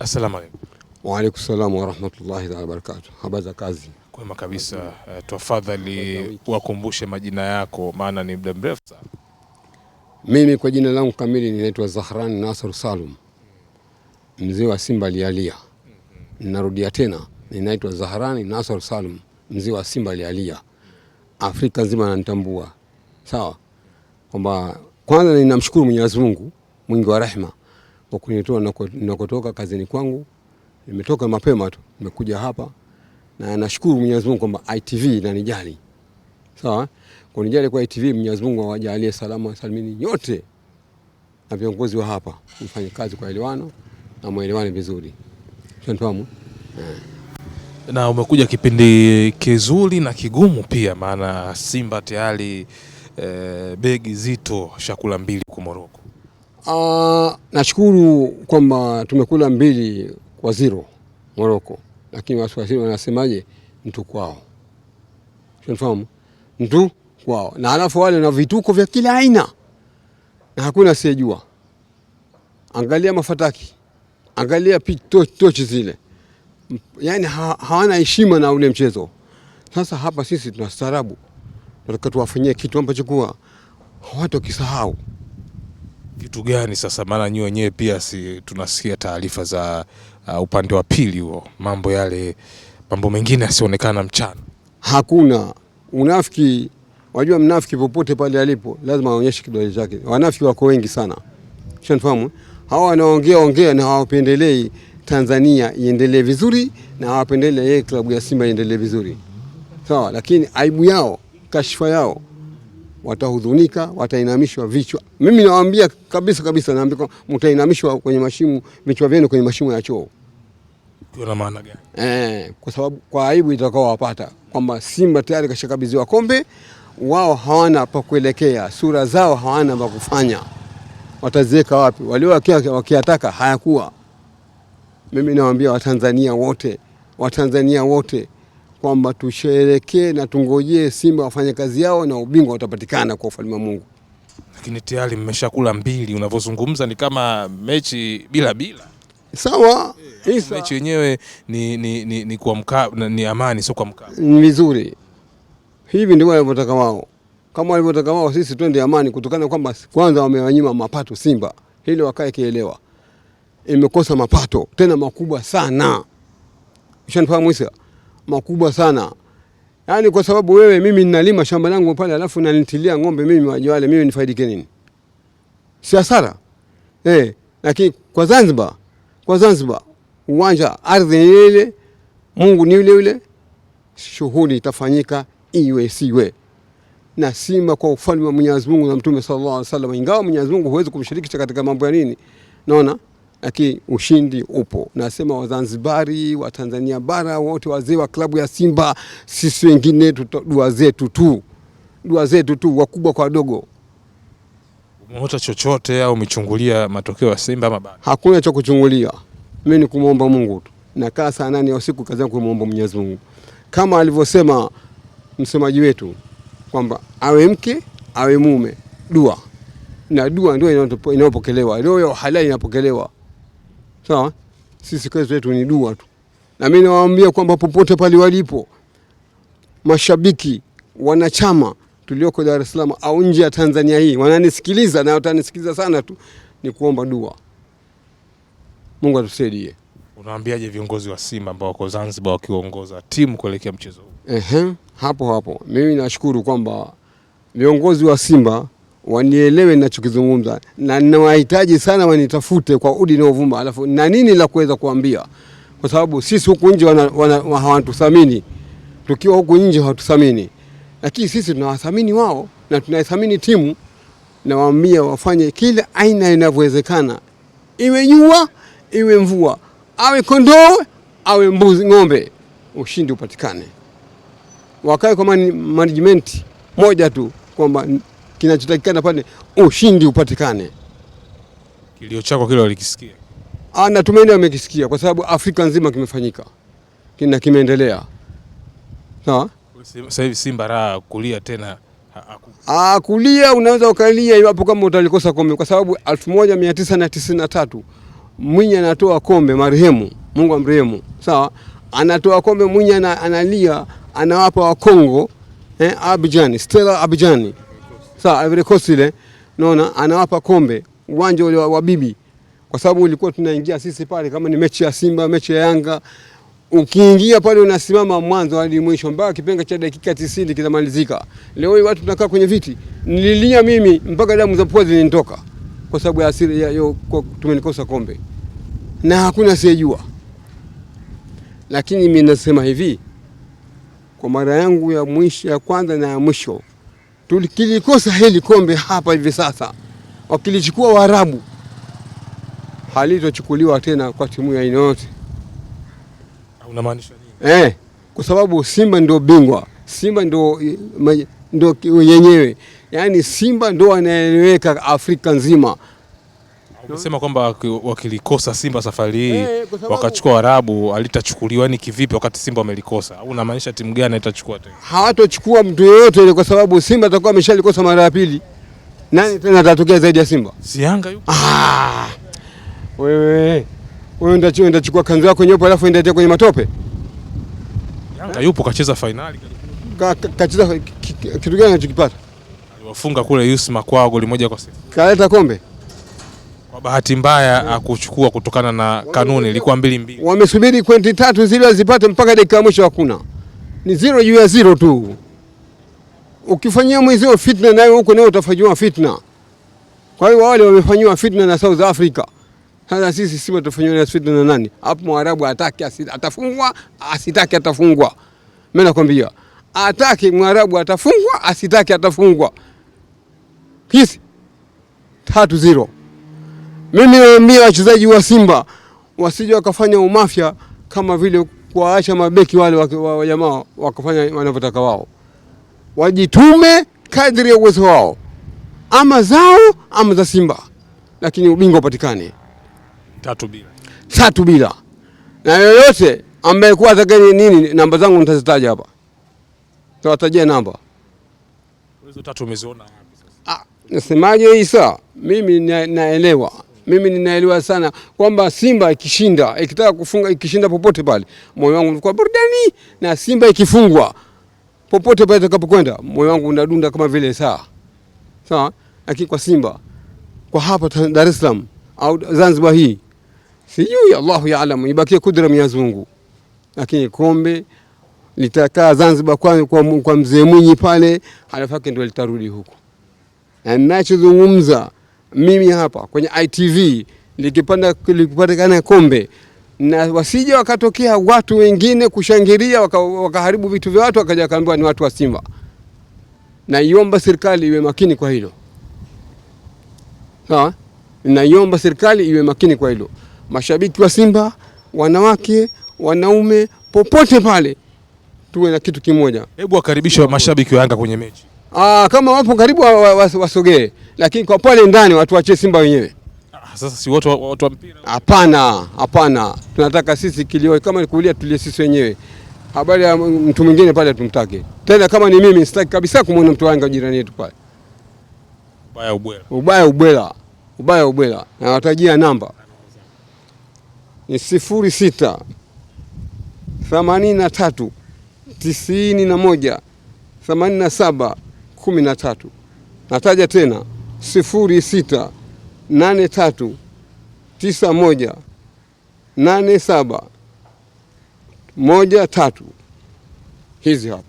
Assalamu Wa salam wa rahmatullahi barakatuh. Habari za kazi? Kwema kabisa. Uh, tafadhali wakumbushe majina yako maana ni muda mrefu sana. Mimi kwa jina langu kamili ninaitwa Zahran Nasr Salum, mzee wa Simba Lialia. Ninarudia tena, ninaitwa Zahran Nasr Salum, mzee wa Simba Lialia. Afrika nzima ananitambua. Sawa? Kwamba kwanza ninamshukuru Mwenyezi Mungu mwingi wa rehema wa kunitoa nakotoka kazini kwangu. Nimetoka mapema tu, nimekuja hapa na nashukuru Mwenyezi Mungu kwamba ITV inanijali. Sawa? Kunijali kwa ITV, Mwenyezi Mungu awajalie salama salimini nyote na viongozi wa hapa mfanye kazi kwa elewano na mwelewane vizuri. Shantamu. Eh. Na umekuja kipindi kizuri na kigumu pia, maana Simba tayari e, begi zito shakula mbili huko Moroko. Uh, nashukuru kwamba tumekula mbili kwa zero Moroko, lakini waswahili wanasemaje? Mtu kwao unafahamu, mtu kwao, na alafu wale na vituko vya kila aina na hakuna asiyejua. Angalia mafataki, angalia tochi, tochi zile, yani hawana heshima na ule mchezo. Sasa hapa sisi tunastaarabu, tunataka tuwafanyie kitu ambacho kuwa watu wakisahau kitu gani sasa? Maana nyinyi wenyewe pia si tunasikia taarifa za uh, upande wa pili huo, mambo yale, mambo mengine yasionekana mchana. Hakuna unafiki, wajua mnafiki popote pale alipo lazima aonyeshe kidole chake. Wanafiki wako wengi sana, ushanifahamu. Hawa wanaongea ongea na hawapendelei Tanzania iendelee vizuri na hawapendelei yeye klabu ya Simba iendelee vizuri, sawa. Lakini aibu yao, kashfa yao watahudhunika, watainamishwa vichwa. Mimi nawaambia kabisa kabisa, naambia mtainamishwa kwenye mashimo, vichwa vyenu kwenye mashimo ya choo. Tuna maana gani? Eh, kwa sababu kwa aibu itakaowapata kwamba Simba tayari kashakabidhiwa kombe, wao hawana pa kuelekea, sura zao hawana pa kufanya, wataziweka wapi? Walio wakiataka hayakuwa. Mimi nawaambia Watanzania wote, Watanzania wote kwamba tusherekee na tungojee Simba wafanye kazi yao na ubingwa utapatikana kwa ufalme wa Mungu. Lakini tayari mmeshakula mbili, unavyozungumza ni kama mechi bila bila. Sawa, yeah, Mechi yenyewe ni, ni, ni, ni, kwa mka, ni amani sio kwa mkaa. Ni vizuri hivi, ndio walivyotaka wao, kama walivyotaka wao, sisi twende amani, kutokana kwamba kwanza wamewanyima mapato Simba, hilo wakae kielewa, imekosa mapato tena makubwa sana, ushanifahamu Isa makubwa sana. Yaani kwa sababu wewe mimi ninalima shamba langu pale alafu nanitilia ng'ombe mimi wajawale mimi nifaidike nini? Si hasara. Eh, lakini kwa Zanzibar, kwa Zanzibar uwanja ardhi ni ile, Mungu ni yule yule, shughuli itafanyika iwe siwe na Simba kwa ufalme wa Mwenyezi Mungu na Mtume sallallahu alaihi wasallam, ingawa Mwenyezi Mungu huwezi kumshirikisha katika mambo ya nini, naona lakini ushindi upo. Nasema Wazanzibari, Watanzania bara wote, wazee wa klabu ya Simba, sisi wengine dua zetu tu, dua zetu tu, wakubwa kwa wadogo. Umeota chochote au umechungulia matokeo ya Simba ama bado? Hakuna cha kuchungulia, mimi ni kumwomba Mungu tu. Nakaa saa nane ya usiku, kazi yangu kumwomba Mwenyezi Mungu kama alivyosema msemaji wetu kwamba awe mke awe mume, dua na dua ndio inayopokelewa, ndio halali inapokelewa. Sawa, sisi kazi yetu ni dua tu, na mimi nawaambia kwamba popote pale walipo mashabiki, wanachama tulioko Dar es Salaam au nje ya Tanzania hii wananisikiliza na watanisikiliza sana tu, ni kuomba dua, Mungu atusaidie. Unawaambiaje viongozi wa Simba ambao wako Zanzibar wakiongoza timu kuelekea mchezo huu? Ehe, hapo hapo mimi nashukuru kwamba viongozi wa Simba wanielewe ninachokizungumza, na ninawahitaji sana wanitafute kwa udi na uvumba, alafu na nini la kuweza kuambia, kwa sababu sisi huku nje hawatuthamini, tukiwa huku nje hawatuthamini, lakini sisi tunawathamini wao na tunaithamini timu. Nawaambia wafanye kila aina inavyowezekana, iwe jua iwe mvua, awe kondoo awe mbuzi, ng'ombe, ushindi upatikane. Wakae kwa management moja tu kwamba kinachotakikana pale ushindi upatikane. Kilio chako kile walikisikia? Ah, natumaini wamekisikia kwa sababu Afrika nzima kimefanyika na kimeendelea. Sawa? Sasa hivi Simba raha kulia tena Ah, kulia unaweza ukalia iwapo kama utalikosa kombe, kwa sababu 1993 Mwinyi anatoa kombe marehemu, Mungu amrehemu, sawa. Anatoa kombe Mwinyi analia, anawapa Wakongo eh, Abidjan, Stella Abidjan, sawa, Ivory Coast ile, naona anawapa kombe uwanja ule wa bibi, kwa sababu ulikuwa tunaingia sisi pale kama ni mechi ya Simba, mechi ya Yanga, ukiingia pale unasimama mwanzo hadi mwisho mpaka kipenga cha dakika 90 kinamalizika. Leo hii watu tunakaa kwenye viti, nililia mimi mpaka damu za pua zilinitoka kwa sababu ya asili ya hiyo, tumenikosa kombe na hakuna sijua, Lakini mimi nasema hivi kwa mara yangu ya mwisho ya kwanza na ya mwisho tulikilikosa hili kombe hapa hivi sasa, wakilichukua Waarabu halitochukuliwa tena kwa timu ya aina yote. Unamaanisha nini? Eh, kwa sababu Simba ndio bingwa, Simba ndio ndio yenyewe, yaani Simba ndio anaeleweka Afrika nzima. Sema kwamba wakilikosa Simba safari hii hey, eh, wakachukua Arabu alitachukuliwa ni kivipi wakati Simba wamelikosa? Au unamaanisha timu gani itachukua tena? Hawatochukua mtu yoyote ile kwa sababu Simba atakuwa ameshalikosa mara ya pili. Nani tena atatokea zaidi ya Simba? Si Yanga yupo. Ah. Wewe. Wewe ndachukua kanzu yako nyopo alafu endatia kwenye matope. Yanga yupo kacheza finali kacheza kitu gani anachokipata? Aliwafunga kule Yusma kwa goli moja kwa sifuri. Kaleta kombe. Kwa bahati mbaya mm. akuchukua kutokana na kanuni, ilikuwa mbili mbili. Wamesubiri kwenti tatu zile wazipate, mpaka dakika ya mwisho hakuna, ni zero juu ya zero tu. Ukifanyia mwenzio fitna, nayo huko nayo utafanyiwa fitna. Kwa hiyo wale wamefanyiwa fitna na South Africa. Sasa sisi Simba tutafanyiwa na fitna na nani? Hapo Mwarabu ataki atafungwa, asitaki atafungwa. Mimi nakwambia, ataki Mwarabu atafungwa, asitaki atafungwa. Kisi 3-0. Mimi naambia wachezaji wa Simba wasije wakafanya umafya kama vile kuwaacha mabeki wale wa jamaa wakafanya wanavyotaka wao, wajitume kadri ya uwezo wao, ama zao ama za Simba, lakini ubingwa upatikane tatu bila, tatu bila. Na yoyote ambaye kuwa atakeni nini, namba zangu nitazitaja hapa, tawatajia namba ah, nasemaje. saa mimi naelewa mimi ninaelewa sana kwamba Simba ikishinda, ikitaka kufunga, ikishinda popote pale, moyo wangu ulikuwa burudani, na Simba ikifungwa popote pale itakapokwenda, moyo wangu unadunda kama vile saa sawa. Lakini kwa Simba kwa hapa Dar es Salaam au Zanzibar hii sijui, Allahu yaalamu, ibakie kudra Mwenyezi Mungu, lakini kombe litakaa Zanzibar kwa, kwa, kwa mzee Mwinyi pale, halafu yake ndio litarudi huku, na ninachozungumza mimi hapa kwenye ITV likipatikana kombe na wasije wakatokea watu wengine kushangilia wakaharibu waka vitu vya watu wakaja wakaambiwa ni watu wa Simba. Naiomba serikali iwe makini kwa hilo sawa. Naiomba serikali iwe makini kwa hilo. Mashabiki wa Simba, wanawake, wanaume, popote pale, tuwe na kitu kimoja. Hebu wakaribishe mashabiki wa Yanga kwenye mechi. Aa, ah, kama wapo karibu wasogee, wa, wa, wa lakini kwa pale ndani watu wache Simba wenyewe. Ah, sasa si wote watu wa mpira? Hapana, hapana, tunataka sisi kilio, kama ni kulia tulie sisi wenyewe. Habari ya mtu mwingine pale tumtake tena. Kama ni mimi sitaki kabisa kumuona mtu wangu jirani yetu pale. Ubaya ubwela, ubaya ubwela, ubaya ubwela. Na watajia namba ni sifuri sita themanini na tatu tisini na moja themanini na saba kumi na tatu. Nataja tena sifuri sita nane tatu tisa moja nane saba moja tatu. Hizi hapa